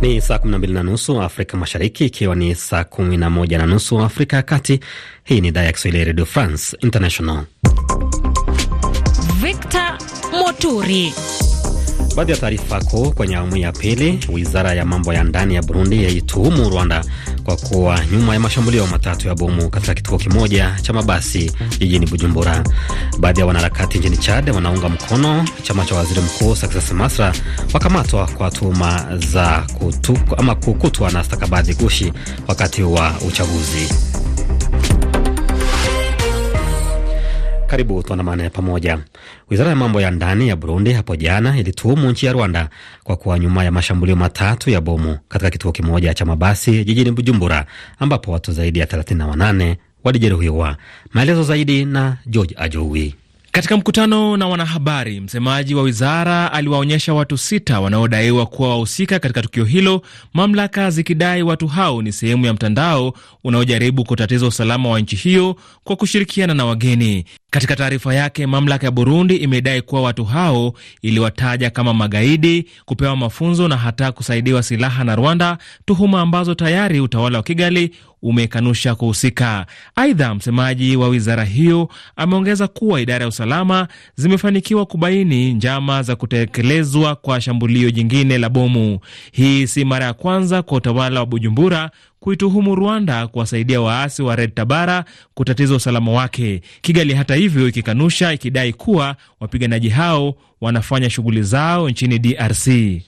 Ni saa 12 na nusu Afrika Mashariki, ikiwa ni saa 11 na nusu Afrika ya Kati. Hii ni idhaa ya Kiswahili ya Radio France International. Victor Moturi. Baadhi ya taarifa kuu kwenye awamu ya pili: wizara ya mambo ya ndani ya Burundi yaituhumu Rwanda kwa kuwa nyuma ya mashambulio matatu ya bomu katika kituo kimoja cha mabasi jijini Bujumbura. Baadhi ya wanaharakati nchini Chad wanaunga mkono chama cha waziri mkuu Sakses Masra wakamatwa kwa tuhuma za kutu, ama kukutwa na stakabadhi gushi wakati wa uchaguzi. Karibu tuandamane ya pamoja. Wizara ya mambo ya ndani ya Burundi hapo jana ilituhumu nchi ya Rwanda kwa kuwa nyuma ya mashambulio matatu ya bomu katika kituo kimoja cha mabasi jijini Bujumbura, ambapo watu zaidi ya 38 walijeruhiwa. Maelezo zaidi na George Ajowi. Katika mkutano na wanahabari, msemaji wa wizara aliwaonyesha watu sita wanaodaiwa kuwa wahusika katika tukio hilo, mamlaka zikidai watu hao ni sehemu ya mtandao unaojaribu kutatiza usalama wa nchi hiyo kwa kushirikiana na wageni. Katika taarifa yake, mamlaka ya Burundi imedai kuwa watu hao iliwataja kama magaidi, kupewa mafunzo na hata kusaidiwa silaha na Rwanda, tuhuma ambazo tayari utawala wa Kigali umekanusha kuhusika. Aidha, msemaji wa wizara hiyo ameongeza kuwa idara ya usalama zimefanikiwa kubaini njama za kutekelezwa kwa shambulio jingine la bomu. Hii si mara ya kwanza kwa utawala wa Bujumbura kuituhumu Rwanda kuwasaidia waasi wa Red Tabara kutatiza usalama wake. Kigali hata hivyo ikikanusha, ikidai kuwa wapiganaji hao wanafanya shughuli zao nchini DRC.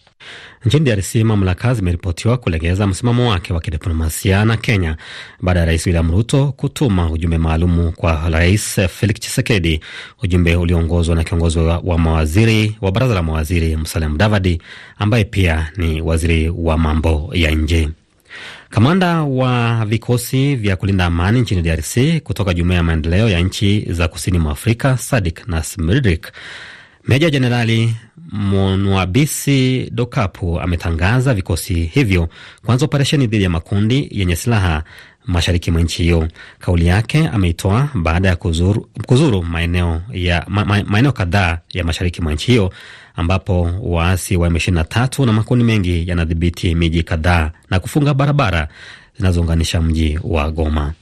Nchini DRC mamlaka zimeripotiwa kulegeza msimamo wake wa kidiplomasia na Kenya baada ya rais William Ruto kutuma ujumbe maalumu kwa rais Felix Tshisekedi, ujumbe ulioongozwa na kiongozi wa mawaziri wa baraza la mawaziri Musalia Mudavadi ambaye pia ni waziri wa mambo ya nje. Kamanda wa vikosi vya kulinda amani nchini DRC kutoka jumuiya ya maendeleo ya nchi za kusini mwa Afrika SADC Nas Meja Jenerali Monwabisi Dokapu ametangaza vikosi hivyo kuanza operesheni dhidi ya makundi yenye silaha mashariki mwa nchi hiyo. Kauli yake ameitoa baada ya kuzuru, kuzuru maeneo ya ma, maeneo kadhaa ya mashariki mwa nchi hiyo ambapo waasi wa M23 na makundi mengi yanadhibiti miji kadhaa na kufunga barabara zinazounganisha mji wa Goma.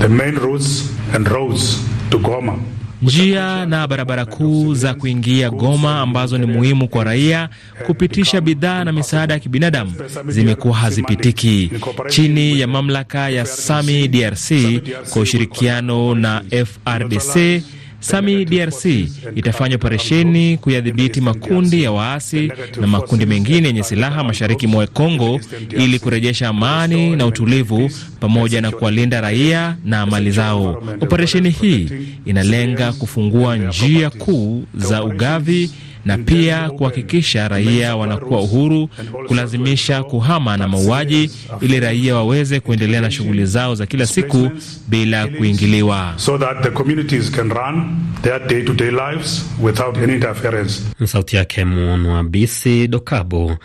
The main routes and to Goma njia na barabara kuu za kuingia Goma ambazo ni muhimu kwa raia kupitisha bidhaa na misaada ya kibinadamu zimekuwa hazipitiki. Chini ya mamlaka ya SAMI DRC kwa ushirikiano na FRDC Sami DRC itafanya operesheni kuyadhibiti makundi ya waasi na makundi mengine yenye silaha mashariki mwa Kongo ili kurejesha amani na utulivu pamoja na kuwalinda raia na mali zao. Operesheni hii inalenga kufungua njia kuu za ugavi na pia kuhakikisha raia wanakuwa uhuru kulazimisha kuhama na mauaji, ili raia waweze kuendelea na shughuli zao za kila siku bila kuingiliwa. Sauti yake Muonwa Bisi Dokabo,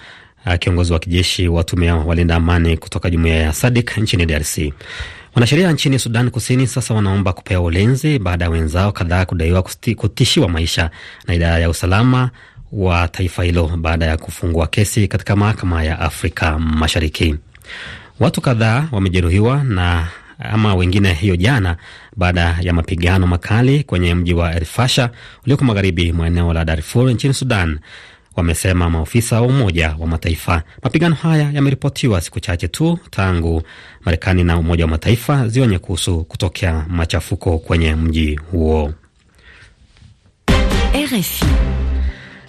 kiongozi wa kijeshi wa tume ya walinda amani kutoka jumuiya ya sadik nchini DRC. Wanasheria nchini Sudan Kusini sasa wanaomba kupewa ulinzi baada ya wenzao kadhaa kudaiwa kutishiwa maisha na idara ya usalama wa taifa hilo baada ya kufungua kesi katika mahakama ya Afrika Mashariki. Watu kadhaa wamejeruhiwa na ama wengine hiyo jana baada ya mapigano makali kwenye mji wa Elfasha ulioko magharibi mwa eneo la Darfur nchini Sudan wamesema maofisa wa Umoja wa Mataifa. Mapigano haya yameripotiwa siku chache tu tangu Marekani na Umoja wa Mataifa zionye kuhusu kutokea machafuko kwenye mji huo. RFI.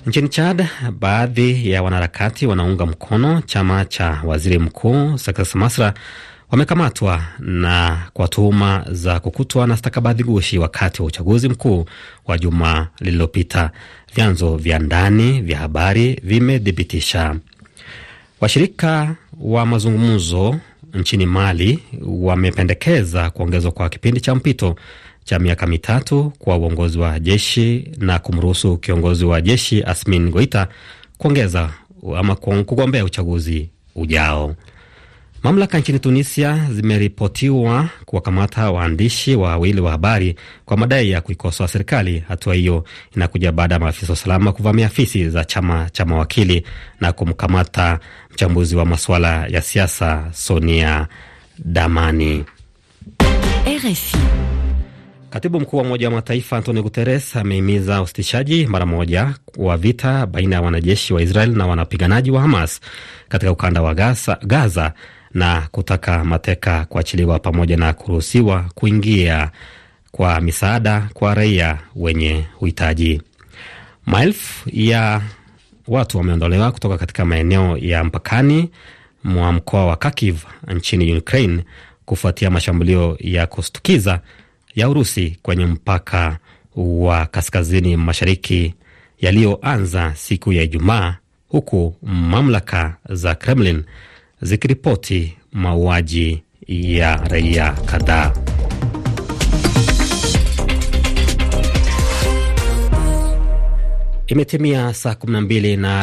Nchini Chad, baadhi ya wanaharakati wanaunga mkono chama cha waziri mkuu Sakas Masra wamekamatwa na kwa tuhuma za kukutwa na stakabadhi gushi wakati wa uchaguzi mkuu wa juma lililopita. Vyanzo vya ndani vya habari vimethibitisha. Washirika wa mazungumzo nchini Mali wamependekeza kuongezwa kwa kipindi cha mpito cha miaka mitatu kwa uongozi wa jeshi na kumruhusu kiongozi wa jeshi Asmin Goita kuongeza ama kugombea uchaguzi ujao. Mamlaka nchini Tunisia zimeripotiwa kuwakamata waandishi wawili wa habari kwa madai ya kuikosoa serikali. Hatua hiyo inakuja baada ya maafisa wa usalama kuvamia afisi za chama cha mawakili na kumkamata mchambuzi wa masuala ya siasa Sonia Damani. RFI. Katibu mkuu wa Umoja wa Mataifa Antonio Guterres amehimiza usitishaji mara moja wa vita baina ya wanajeshi wa Israel na wanapiganaji wa Hamas katika ukanda wa Gaza, Gaza na kutaka mateka kuachiliwa pamoja na kuruhusiwa kuingia kwa misaada kwa raia wenye uhitaji. Maelfu ya watu wameondolewa kutoka katika maeneo ya mpakani mwa mkoa wa Kharkiv nchini Ukraine kufuatia mashambulio ya kustukiza ya Urusi kwenye mpaka wa kaskazini mashariki yaliyoanza siku ya Ijumaa, huku mamlaka za Kremlin zikiripoti mauaji ya raia kadhaa. Imetimia saa 12 na